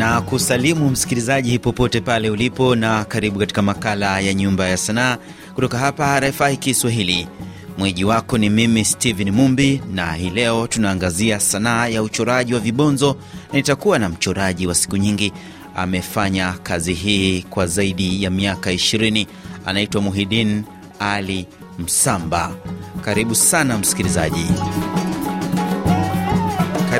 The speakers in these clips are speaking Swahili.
na kusalimu msikilizaji popote pale ulipo, na karibu katika makala ya Nyumba ya Sanaa kutoka hapa RFI Kiswahili. Mweji wako ni mimi stehen Mumbi, na hii leo tunaangazia sanaa ya uchoraji wa vibonzo, na nitakuwa na mchoraji wa siku nyingi. Amefanya kazi hii kwa zaidi ya miaka 20. Anaitwa Muhidin Ali Msamba. Karibu sana msikilizaji.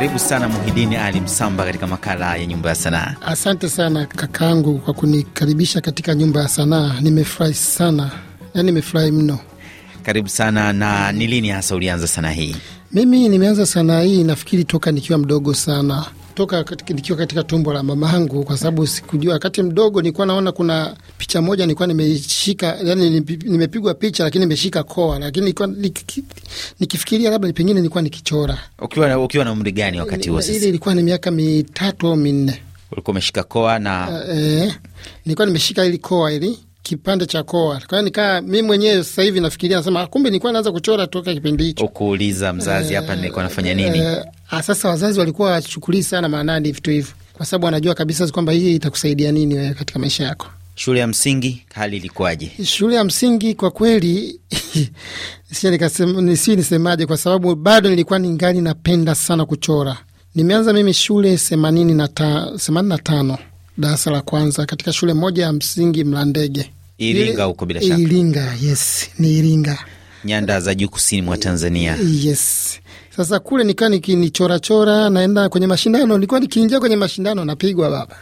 Karibu sana Muhidini Ali Msamba katika makala ya nyumba ya sanaa. Asante sana kakaangu kwa kunikaribisha katika nyumba ya sanaa. Nimefurahi sana, yaani nimefurahi mno. Karibu sana. Na ni lini hasa ulianza sanaa hii? Mimi nimeanza sanaa hii nafikiri toka nikiwa mdogo sana toka katika, nikiwa katika tumbo la mama yangu, kwa sababu sikujua. Wakati mdogo nilikuwa naona kuna picha moja nilikuwa nimeshika, yani nimepigwa picha, lakini nimeshika koa, lakini nilikuwa nikifikiria labda pengine nilikuwa nikichora. Ukiwa ukiwa na umri gani wakati huo? Sasa ile ilikuwa ni miaka mitatu au minne. Ulikuwa umeshika koa na uh, eh, nilikuwa nimeshika ili koa ili kipande cha koa. Kwa hiyo nikaa mi mwenyewe sasa hivi nafikiria, nasema ah, kumbe nilikuwa naanza kuchora toka kipindi hicho. Ukuuliza mzazi hapa e, nilikuwa nafanya nini? E, eh, a, ah, sasa wazazi walikuwa wachukulii sana maanani vitu hivyo, kwa sababu wanajua kabisa kwamba hii itakusaidia nini wewe katika maisha yako. Shule ya msingi hali ilikuwaje? Shule ya msingi kwa kweli si nisemaje, kwa sababu bado nilikuwa ningali napenda sana kuchora. Nimeanza mimi shule themanini na tano darasa la kwanza katika shule moja ya msingi Mlandege, Iringa huko, bila shaka Iringa. Yes, ni Iringa, nyanda za juu kusini mwa Tanzania. Yes. Sasa kule nikaa nikinichorachora, naenda kwenye mashindano, nilikuwa nikiingia kwenye mashindano napigwa baba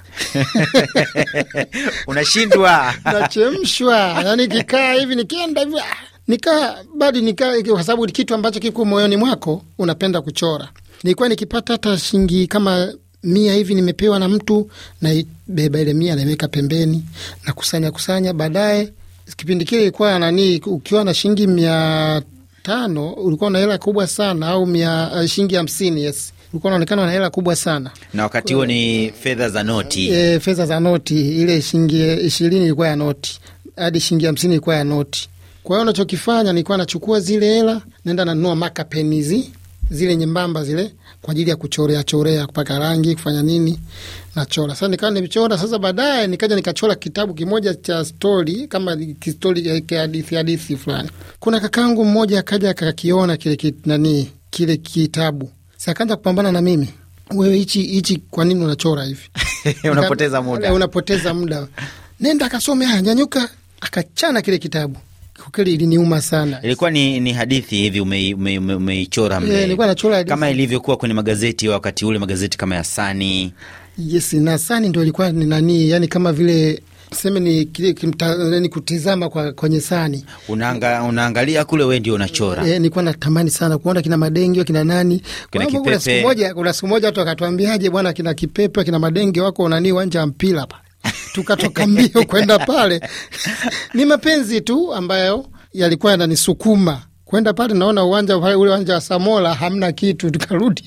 unashindwa nachemshwa, yani kikaa hivi nikienda hivi ah, nikaa badi nikaa, kwa sababu kitu ambacho kiko moyoni mwako unapenda kuchora. Nilikuwa nikipata hata shilingi kama mia hivi nimepewa na mtu, naibeba ile mia naiweka pembeni, nakusanya kusanya. Baadaye kipindi kile ilikuwa nani, ukiwa na shilingi mia tano ulikuwa na hela kubwa sana, au mia uh, shilingi hamsini yes ulikuwa unaonekana na hela kubwa sana, na wakati huo ni fedha za noti e, fedha za noti. Ile shilingi eh, ishirini ilikuwa ya noti hadi shilingi hamsini ilikuwa ya noti. Kwa hiyo unachokifanya nikuwa nachukua zile hela, naenda nanunua makapeni hizi zile nyembamba zile kwa ajili ya kuchorea chorea, kupaka rangi, kufanya nini, nachora. Sasa nikawa nimechora. Sasa baadaye nikaja nikachora kitabu kimoja cha stori, kama kistori eh, kihadithi hadithi fulani. Kuna kakangu mmoja akaja akakiona kile kit, nani kile kitabu, sakaanza kupambana na mimi wewe, hichi hichi, kwa nini unachora hivi? unapoteza muda, unapoteza muda, nenda akasome haya, nyanyuka. Akachana kile kitabu kwa kweli iliniuma sana. Ilikuwa ni, ni hadithi hivi umeichora ume, eh, ume, ume mle nachora kama ilivyokuwa kwenye magazeti wakati ule, magazeti kama ya Sani. Yes, na Sani ndo ilikuwa ni nani, yani kama vile seme ni kile ni kutizama kwa, kwenye Sani unaanga, unaangalia kule, wewe ndio unachora e, nilikuwa natamani sana kuona kina Madenge kina nani kina Kipepe. Kuna siku moja watu wakatuambiaje bwana, kina Kipepe kina Madenge wako nani uwanja wa mpira hapa tukatoka mbio kwenda pale. Ni mapenzi tu ambayo yalikuwa yananisukuma kwenda pale. Naona uwanja pale, ule uwanja wa Samola hamna kitu, tukarudi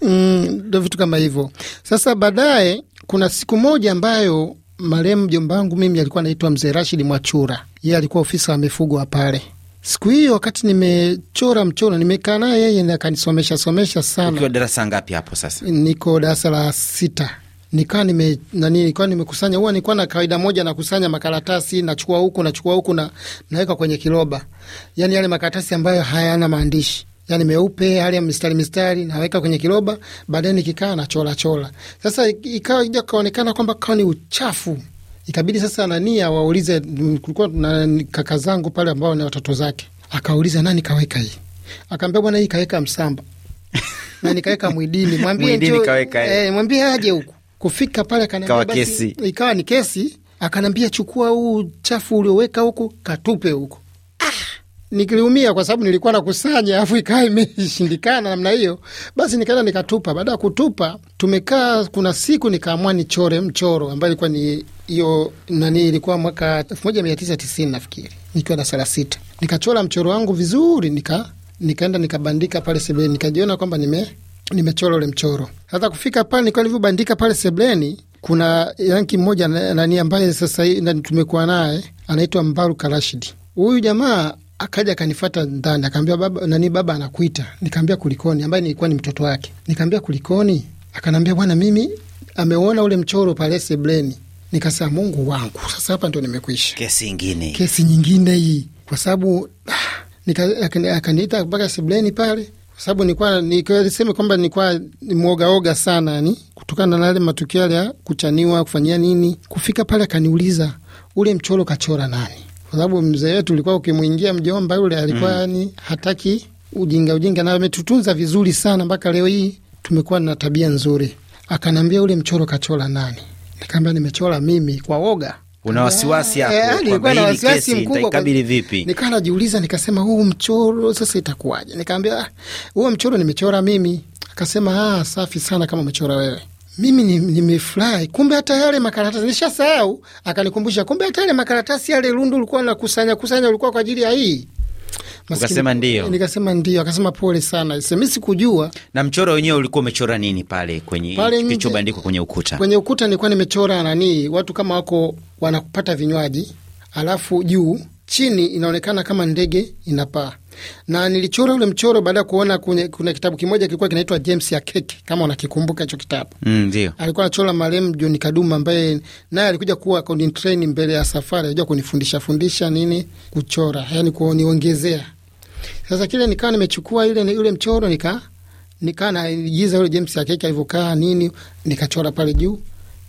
ndo mm, vitu kama hivyo. Sasa baadaye kuna siku moja ambayo marehemu mjomba wangu mimi alikuwa anaitwa mzee Rashidi Mwachura, yeye alikuwa ofisa wa mifugo wa pale. Siku hiyo wakati nimechora mchoro, nimekaa naye yeye akanisomesha somesha sana. Ukiwa darasa ngapi hapo sasa? Niko darasa la sita nikaa nime nani nikaa nimekusanya, huwa nilikuwa na kawaida moja nakusanya makaratasi, nachukua huku nachukua huku na naweka kwenye kiroba, yani yale makaratasi ambayo hayana maandishi yani meupe hali ya mistari mistari, naweka kwenye kiroba, baadaye nikikaa na chola chola. Sasa ikawa ija kaonekana kwamba kawa ni uchafu, ikabidi sasa nania waulize Kulikuwa na kaka zangu pale ambao ni watoto zake, akauliza nani kaweka hii, akaambia bwana, hii kaweka Msamba na nikaweka Mwidini, mwambie njo, eh, mwambie aje huku Kufika pale akaniambia basi, ikawa ni kesi, akaniambia chukua huu chafu ulioweka huku katupe huku. Ah, nikiliumia kwa sababu nilikuwa nakusanya afu ikawa imeshindikana namna hiyo, basi nikaenda nikatupa. Baada ya kutupa, tumekaa kuna siku nikaamua nichore mchoro ambayo ilikuwa ni hiyo nani, ilikuwa mwaka elfu moja mia tisa tisini nafikiri, nikiwa darasa la sita. Nikachora mchoro wangu vizuri, nika nikaenda nikabandika pale sebeni, nikajiona kwamba nime nimechora ule mchoro. Hata kufika pale nilikuwa nilivyobandika pale sebleni, kuna yanki mmoja nani ambaye sasa hivi tumekuwa naye anaitwa Mbaru Karashidi. Huyu jamaa akaja akanifata ndani akaambia, baba nani, baba anakuita. Nikaambia kulikoni, ambaye nilikuwa ni mtoto wake. Nikaambia kulikoni, akanaambia bwana, mimi ameona ule mchoro pale sebleni. Nikasema Mungu wangu, sasa hapa ndo nimekwisha. Kesi ingine, kesi nyingine hii, kwa sababu ah, akaniita mpaka sebleni pale kwa sababu nilikuwa niseme kwamba nilikuwa mwogaoga sana, yani kutokana na yale matukio yale ya kuchaniwa kufanyia nini. Kufika pale akaniuliza ule mchoro kachora nani? Kwa sababu mzee wetu ulikuwa ukimwingia mjomba yule alikuwa mm. yani hataki ujinga ujinga, na ametutunza vizuri sana mpaka leo hii tumekuwa na tabia nzuri. Akaniambia ule mchoro kachora nani? Nikaambia nimechora mimi kwa woga una ah, wasiwasi eh, hapo wasiwasi mkubwa kabili vipi? Nikawa najiuliza nikasema, huu mchoro sasa itakuwaje? Nikaambia ah, huo mchoro nimechora mimi. Akasema ah, safi sana kama umechora wewe mimi nimefurahi ni kumbe hata yale makaratasi nishasahau. akanikumbusha kumbe hata yale makaratasi yale rundu ulikuwa nakusanya kusanya ulikuwa kwa ajili ya hii. Ukasema ndio, nikasema ndio, akasema pole sana. Mimi sikujua. Na mchoro wenyewe ulikuwa umechora nini pale kwenye kilichobandikwa kwenye ukuta? Kwenye ukuta nilikuwa nimechora nani, watu kama wako wanapata vinywaji, alafu juu chini inaonekana kama ndege inapaa na nilichora ule mchoro baada ya kuona kune, kuna kitabu kimoja kilikuwa kinaitwa James ya keki, kama unakikumbuka hicho kitabu mm, ndio alikuwa anachora marehemu John Kaduma ambaye naye alikuja kuwa accounting train mbele ya safari, alikuja kunifundisha fundisha nini kuchora, yani kuniongezea. Sasa kile nikawa nimechukua ile ule mchoro nika nikaa naigiza ule James ya keki alivyokaa nini, nikachora pale juu,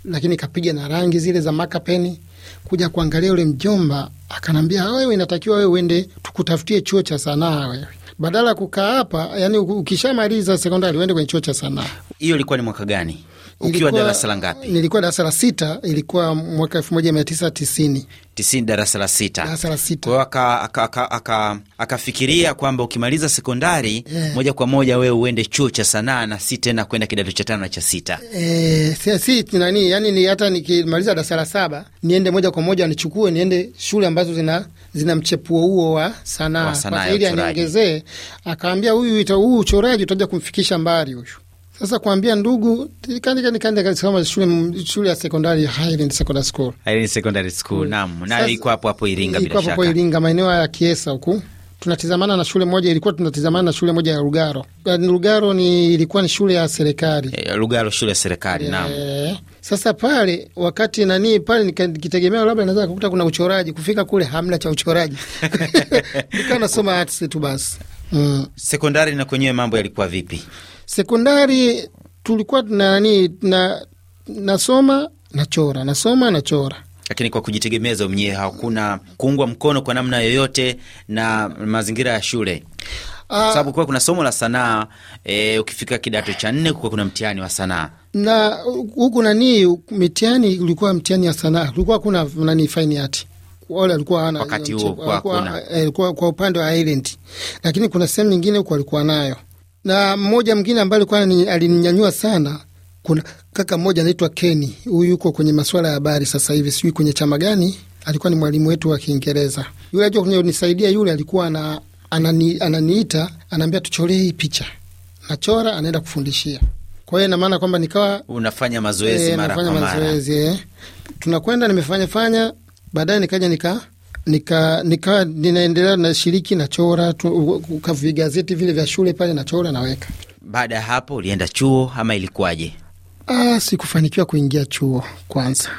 lakini kapiga na rangi zile za makapeni kuja kuangalia yule mjomba, akanambia wewe, inatakiwa wewe uende tukutafutie chuo cha sanaa wewe badala ya kukaa hapa, yani ukishamaliza sekondari uende kwenye chuo cha sanaa. Hiyo ilikuwa ni mwaka gani? Ukiwa darasa la ngapi? Nilikuwa darasa la sita, ilikuwa mwaka elfu moja mia tisa tisini tisini, darasa la sita. Darasa la sita. Kwa aka, aka, aka, aka, akafikiria kwamba ukimaliza sekondari yeah, moja kwa moja wewe uende chuo cha sanaa na si tena kwenda kidato cha tano na cha sita. Eh, si nani, yani ni hata nikimaliza darasa la saba niende moja kwa moja nichukue niende shule ambazo zina zina mchepuo huo wa sanaa, ili aniongezee akaambia huyu ita huu uchoraji utaja kumfikisha mbali huyu. Sasa kuambia ndugu kanika nikaenda katika shule shule ya sekondari Highland Secondary School. Highland Secondary School. Mm. Naam. Na iko hapo hapo Iringa bila shaka. Iko hapo Iringa maeneo ya Kiesa huku. Tunatizamana na shule moja ilikuwa tunatizamana na shule moja ya Lugaro. Eh, Lugaro ni ilikuwa ni shule ya serikali. E, Lugaro shule ya serikali. E, naam. Eh, sasa pale wakati nani pale nikitegemea labda naweza kukuta kuna uchoraji, kufika kule hamna cha uchoraji. Nikaa nasoma arts tu basi mm. Sekondari na kwenyewe mambo yalikuwa vipi? Sekondari tulikuwa tuna nani, tuna nasoma nachora, nasoma nachora lakini kwa kujitegemeza mnyewe, hakuna kuungwa mkono kwa namna yoyote na mazingira ya shule? Ah. Sababu kuwa kuna somo la sanaa e, ukifika kidato cha nne kuwa kuna mtihani wa sanaa na huku nanii mitihani ulikuwa mtihani ya sanaa, kulikuwa kuna nani fine art wale walikuwa hana wakati huo eh, kwa, upande wa Ireland, lakini kuna sehemu nyingine huko alikuwa nayo, na mmoja mwingine ambaye alikuwa alininyanyua sana kuna kaka mmoja anaitwa huyu yuko kwenye masuala ya habari sasa hivi, sijui kwenye chama gani. Alikuwa ni mwalimu wetu wa Kiingereza yule, ajua kwenye yule, alikuwa ana, anani, ananiita anaambia hii picha, nachora, anaenda kufundishia. Kwa hiyo kwamba nikawa unafanya mazoezi e, mara kwa mara, mazoezi e, tunakwenda nimefanya fanya baadaye nikaja nika nika nikawa ninaendelea na shiriki na chora tu, vigazeti vile vya shule pale nachora naweka. Baada ya hapo ulienda chuo ama ilikuwaje? Ah, sikufanikiwa kuingia chuo kwanza.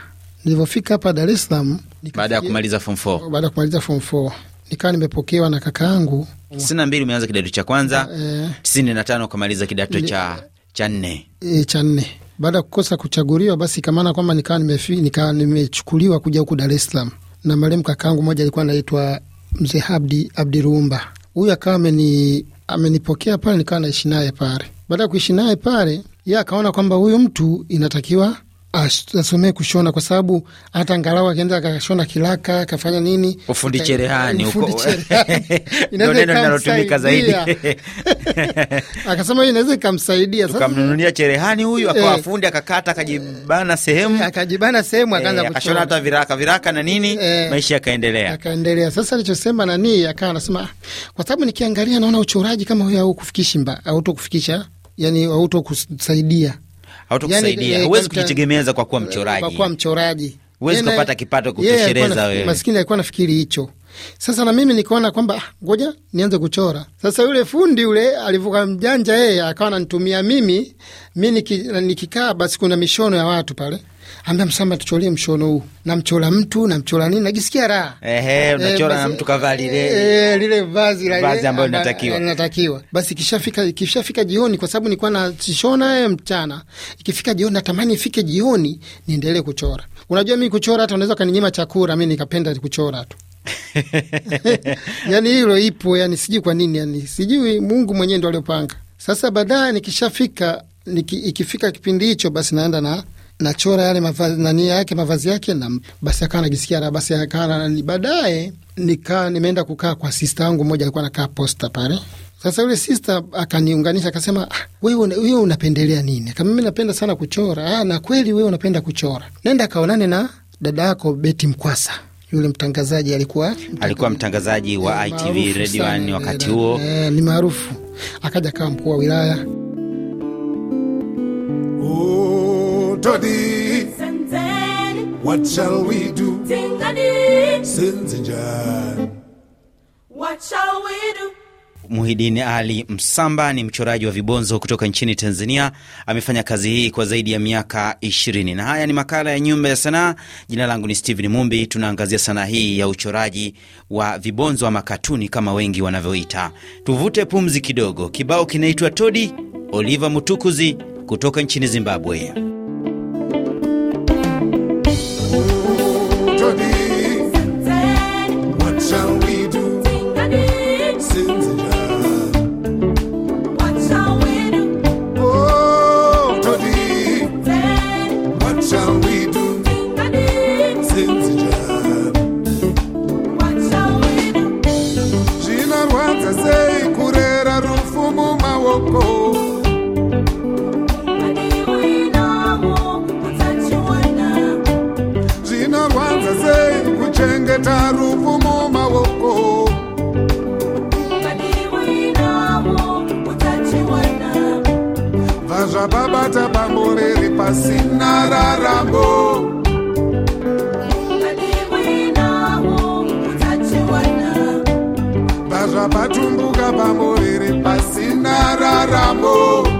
Nilivyofika hapa Dar es Salaam baada ya kumaliza form 4, baada ya kumaliza form 4 nikawa nimepokewa na kakaangu. tisini na mbili umeanza kidato cha kwanza, eh. tisini na tano ukamaliza kidato cha cha nne, eh, cha nne baada ya kukosa kuchaguliwa, basi ikamaana kwamba nikawa nimechukuliwa kuja huku Dar es Salaam na marehemu kakaangu moja alikuwa anaitwa mzee Abdi Abdi Rumba. Huyu akawa ameni, amenipokea pale, nikawa naishi naye pale. Baada ya kuishi naye pale, ye akaona kwamba huyu mtu inatakiwa asomee ah, kushona kwa sababu hata angalau akienda akashona kilaka akafanya nini ufundi cherehani huko linalotumika zaidi akasema hiyo inaweza ikamsaidia tukamnunulia cherehani huyu akawa eh, fundi akakata akajibana sehemu eh, akajibana sehemu akaanza eh, kushona hata viraka viraka na nini eh. maisha yakaendelea akaendelea. sasa alichosema nani akawa anasema ah, kwa sababu nikiangalia naona uchoraji kama huyo au kufikishi mba au kufikisha yani autokusaidia hawatakusaidia yani, eh, huwezi kujitegemeza kwa kuwa mchoraji, kwa kuwa mchoraji huwezi kupata kipato kutoshereza wewe. Maskini alikuwa nafikiri hicho sasa na mimi nikaona kwamba ah, ngoja nianze kuchora. Sasa yule fundi yule alivuka mjanja, yeye akawa ananitumia mimi, mi nikikaa, basi kuna mishono ya watu pale ambia Msamba, tucholie mshono huu. namchola mtu namchola nini, najisikia raha. Ehe, eh, unachora na mtu kavaa lile eh, eh, lile vazi la vazi ambalo linatakiwa linatakiwa. Basi kishafika kishafika jioni, kwa sababu nilikuwa nashona yeye mchana. Ikifika jioni, natamani ifike jioni niendelee kuchora. Unajua mi kuchora, hata unaweza kaninyima chakula, mi nikapenda kuchora tu. yani hilo ipo, yani sijui kwa nini, yani sijui Mungu mwenyewe ndo aliopanga. Sasa baadaye nikishafika niki, ikifika kipindi hicho basi naenda na nachora yale mavazi nani yake mavazi yake na basi akawa najisikia raha basi akawa nani. Baadaye nikaa nimeenda kukaa kwa sista yangu mmoja, alikuwa nakaa posta pale. Sasa yule sista akaniunganisha akasema, ah, wewe wewe unapendelea nini? Kama mimi napenda sana kuchora. Ah, na kweli wewe unapenda kuchora, nenda kaonane na dada yako Beti Mkwasa yule mtangazaji alikuwa alikuwa mtangazaji wa eh, ITV Radio ni wakati huo e, ni maarufu, akaja kama mkuu wa wilaya oh, What shall we do? Sinzinja. What shall we do? Muhidini Ali Msamba ni mchoraji wa vibonzo kutoka nchini Tanzania. Amefanya kazi hii kwa zaidi ya miaka ishirini. Na haya ni makala ya Nyumba ya Sanaa. Jina langu ni Steven Mumbi. Tunaangazia sanaa hii ya uchoraji wa vibonzo ama katuni kama wengi wanavyoita. Tuvute pumzi kidogo. Kibao kinaitwa Todi Oliver Mutukuzi kutoka nchini Zimbabwe. zvapatumbuka pamuviri pasina raramo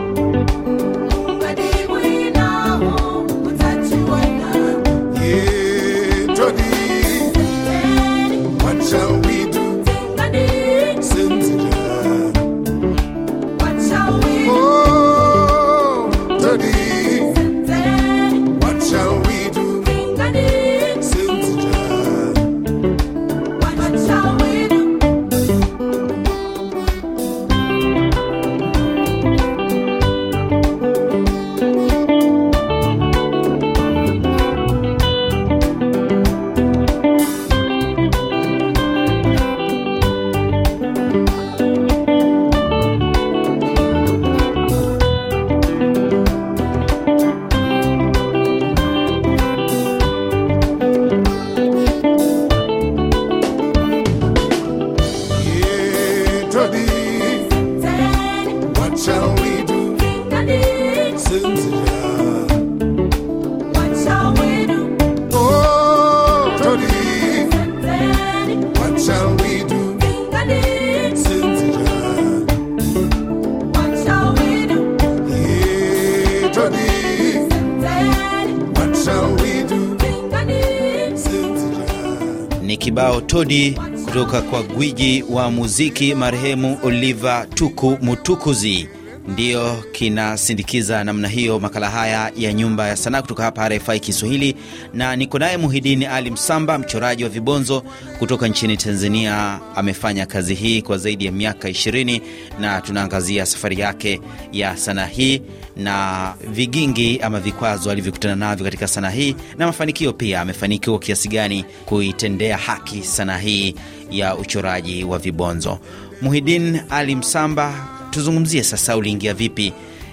kibao Todi kutoka kwa gwiji wa muziki marehemu Oliver Tuku Mutukuzi ndiyo kinasindikiza namna hiyo makala haya ya Nyumba ya Sanaa kutoka hapa RFI Kiswahili, na niko naye Muhidini Ali Msamba, mchoraji wa vibonzo kutoka nchini Tanzania. Amefanya kazi hii kwa zaidi ya miaka 20 na tunaangazia safari yake ya sanaa hii na vigingi ama vikwazo alivyokutana navyo katika sanaa hii na mafanikio pia. Amefanikiwa kiasi gani kuitendea haki sanaa hii ya uchoraji wa vibonzo? Muhidin Ali Msamba, tuzungumzie sasa, uliingia vipi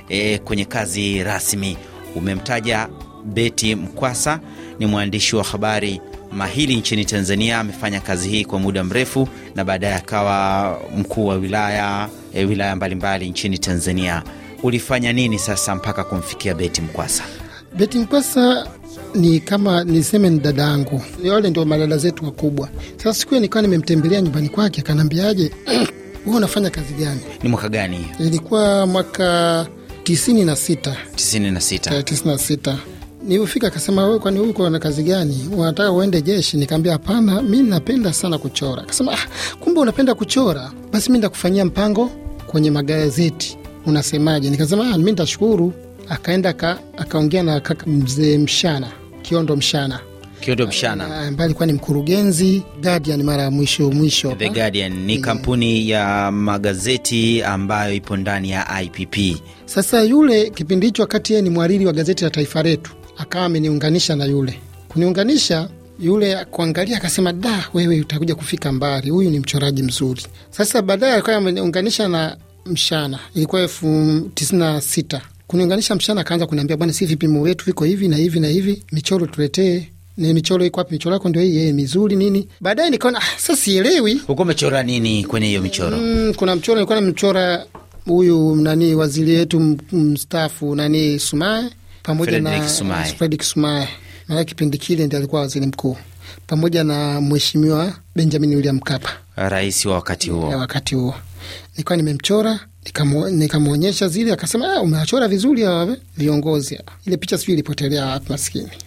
e, kwenye kazi rasmi? Umemtaja Beti Mkwasa, ni mwandishi wa habari mahili nchini Tanzania. Amefanya kazi hii kwa muda mrefu na baadaye akawa mkuu wa wilaya e, wilaya mbalimbali nchini Tanzania. Ulifanya nini sasa mpaka kumfikia Beti Mkwasa? Beti Mkwasa ni kama niseme ni dada yangu, wale ndio madada zetu wakubwa. Sasa siku hiyo nikawa nimemtembelea nyumbani kwake, akanaambiaje wewe unafanya kazi gani? Ni mwaka gani? Ilikuwa mwaka tisini na sita tisini na sita eh, tisini na sita Nilivyofika akasema, wewe kwani huko na kazi gani? Unataka uende jeshi? Nikaambia hapana, mi napenda sana kuchora. Akasema, ah, kumbe unapenda kuchora, basi mi ntakufanyia mpango kwenye magazeti, unasemaje? Nikasema, ah, mi ntashukuru. Akaenda akaongea na kaka mzee Mshana, Kiondo Mshana Kiondo Mshana ah, ambaye alikuwa ni mkurugenzi Guardian mara ya mwisho mwisho. The Guardian ni mm. kampuni ya magazeti ambayo ipo ndani ya IPP. Sasa yule kipindi hicho, wakati yeye ni mhariri wa gazeti la Taifa Letu, akawa ameniunganisha na yule kuniunganisha yule kuangalia, akasema da, wewe utakuja kufika mbali, huyu ni mchoraji mzuri. Sasa baadaye alikuwa ameniunganisha na Mshana, ilikuwa elfu tisini na sita kuniunganisha Mshana, akaanza kuniambia, bwana, si vipimo wetu viko hivi na hivi na hivi, michoro tuletee ni michoro iko wapi? Michoro yako ndio hii yeye eh, mizuri nini? Baadaye nikaona ah, sasa sielewi uko umechora nini kwenye hiyo michoro mm, kuna mchoro nilikuwa namchora huyu nani waziri wetu mstaafu nani Sumaye pamoja Fredrick na Fredrick Sumaye maana kipindi kile ndi alikuwa waziri mkuu pamoja na mheshimiwa Benjamin William Mkapa, rais wa wakati huo. Wakati huo nikawa nimemchora nikamwonyesha zile, akasema ah, umewachora vizuri hawa eh, viongozi. Ile picha sijui ilipotelea wapi, maskini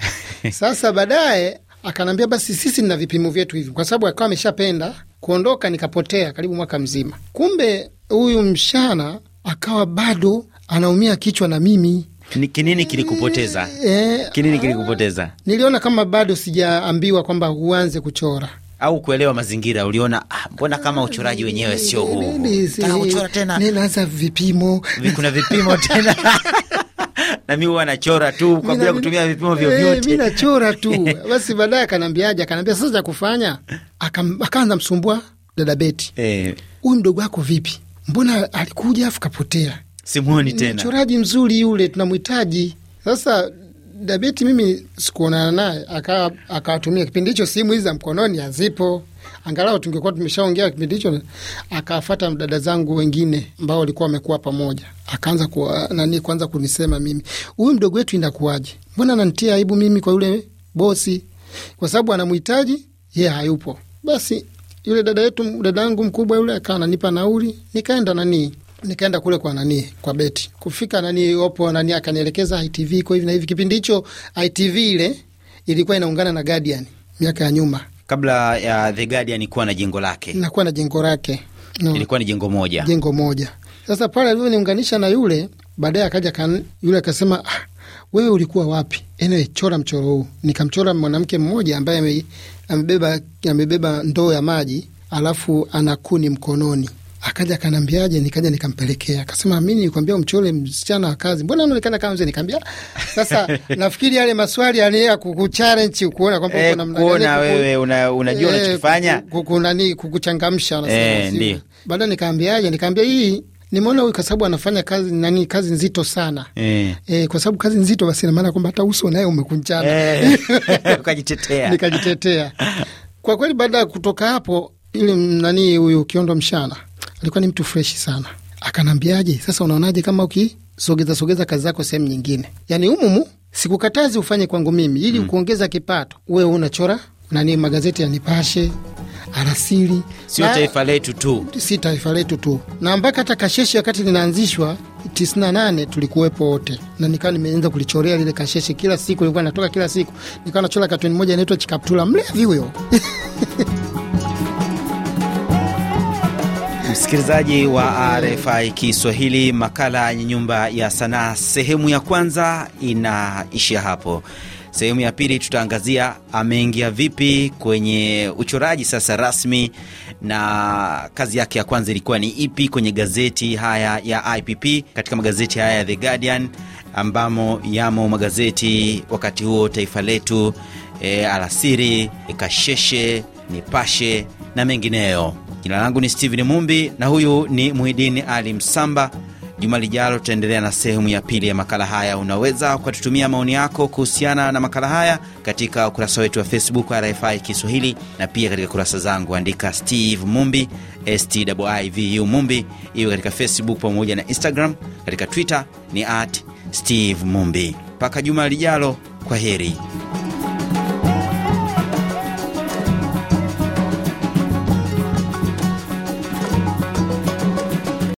Sasa baadaye akanambia basi sisi nina vipimo vyetu hivi, kwa sababu akawa ameshapenda kuondoka. Nikapotea karibu mwaka mzima. Kumbe huyu mshana akawa bado anaumia kichwa na mimi ni kinini kilikupoteza? E, kinini ah, kilikupoteza? Niliona kama bado sijaambiwa kwamba huanze kuchora au kuelewa mazingira. Uliona ah, mbona kama uchoraji wenyewe sio huu, uchora tena, vipimo, kuna vipimo tena na mi huwa nachora tu kwa bila kutumia vipimo vyovyote. Eh, mimi nachora tu. Basi baadaye akanambiaje akaniambia sasa cha kufanya, akaanza msumbua dada Beti. Eh. Huyu mdogo wako vipi? Mbona alikuja afu kapotea? Simuoni tena. Mchoraji mzuri yule tunamhitaji. Sasa Dabeti mimi sikuonana naye, akawatumia kipindi hicho simu hizi za mkononi hazipo angalau tungekuwa tumeshaongea kipindi hicho. Akafata dada zangu wengine ambao walikuwa wamekuwa pamoja, akaanza kuwa, nani kuanza kunisema mimi, huyu mdogo wetu inakuwaje? Mbona ananitia aibu mimi kwa yule bosi, kwa sababu anamhitaji yeye, yeah, hayupo. Basi yule dada yetu, dada yangu mkubwa yule, akawa ananipa nauli, nikaenda nani nikaenda kule kwa nani kwa beti kufika nani opo nani akanielekeza ITV kwa hivi na hivi. Kipindi hicho ITV ile ilikuwa inaungana na Guardian miaka ya nyuma, kabla ya The Guardian na jengo lake nakuwa na jengo lake no. ilikuwa ni jengo moja, jengo moja. Sasa pale alivyoniunganisha na yule baadaye, akaja kan, yule akasema ah, wewe ulikuwa wapi? Ene, chora mchoro huu. Nikamchora mwanamke mmoja ambaye amebeba amebeba ndoo ya maji alafu ana kuni mkononi Akaja akanambiaje, nikaja nikampelekea, akasema mi nikwambia umchole msichana wa kazi, mbona unaonekana kama mzee? Nikaambia sasa, nafikiri yale maswali aliya kukuchalenji, kuona kwamba uko eh, namna gani, wewe unajua eh, unachofanya, kukunani, kukuchangamsha. na eh, baada nikaambiaje, nikaambia hii nimeona huyu kwa sababu anafanya kazi nani, kazi nzito sana e. E, kwa sababu kazi nzito, basi namaana kwamba hata uso naye umekunjana e. Ukajitetea, nikajitetea kwa kweli. Baada ya kutoka hapo, ili nani, huyu Kiondo Mshana alikuwa ni mtu freshi sana. Akanambiaje, sasa unaonaje kama ukisogeza sogeza kazi zako sehemu nyingine, yani umumu, sikukatazi ufanye kwangu mimi, ili mm. kuongeza kipato uwe unachora nani magazeti ya Nipashe Alasiri, sio taifa letu tu, si taifa letu tu. Na mpaka hata Kasheshe wakati linaanzishwa 98 tulikuwepo wote, na nikawa nimeanza kulichorea lile Kasheshe. Kila siku nilikuwa natoka, kila siku nikawa nachora katuni moja inaitwa Chikaptula, mlevi huyo Msikilizaji wa RFI Kiswahili, makala yenye nyumba ya sanaa sehemu ya kwanza inaishia hapo. Sehemu ya pili tutaangazia ameingia vipi kwenye uchoraji sasa rasmi, na kazi yake ya kwanza ilikuwa ni ipi kwenye gazeti haya ya IPP, katika magazeti haya ya The Guardian ambamo yamo magazeti wakati huo Taifa Letu, e, Alasiri, Kasheshe, Nipashe na mengineyo. Jina langu ni Steven Mumbi na huyu ni Muhidini Ali Msamba. Juma lijalo tutaendelea na sehemu ya pili ya makala haya. Unaweza ukatutumia maoni yako kuhusiana na makala haya katika ukurasa wetu wa Facebook RFI Kiswahili, na pia katika kurasa zangu andika Steve Mumbi, Stivu Mumbi, iwe katika Facebook pamoja na Instagram. Katika Twitter ni at Steve Mumbi. Mpaka juma lijalo, kwa heri.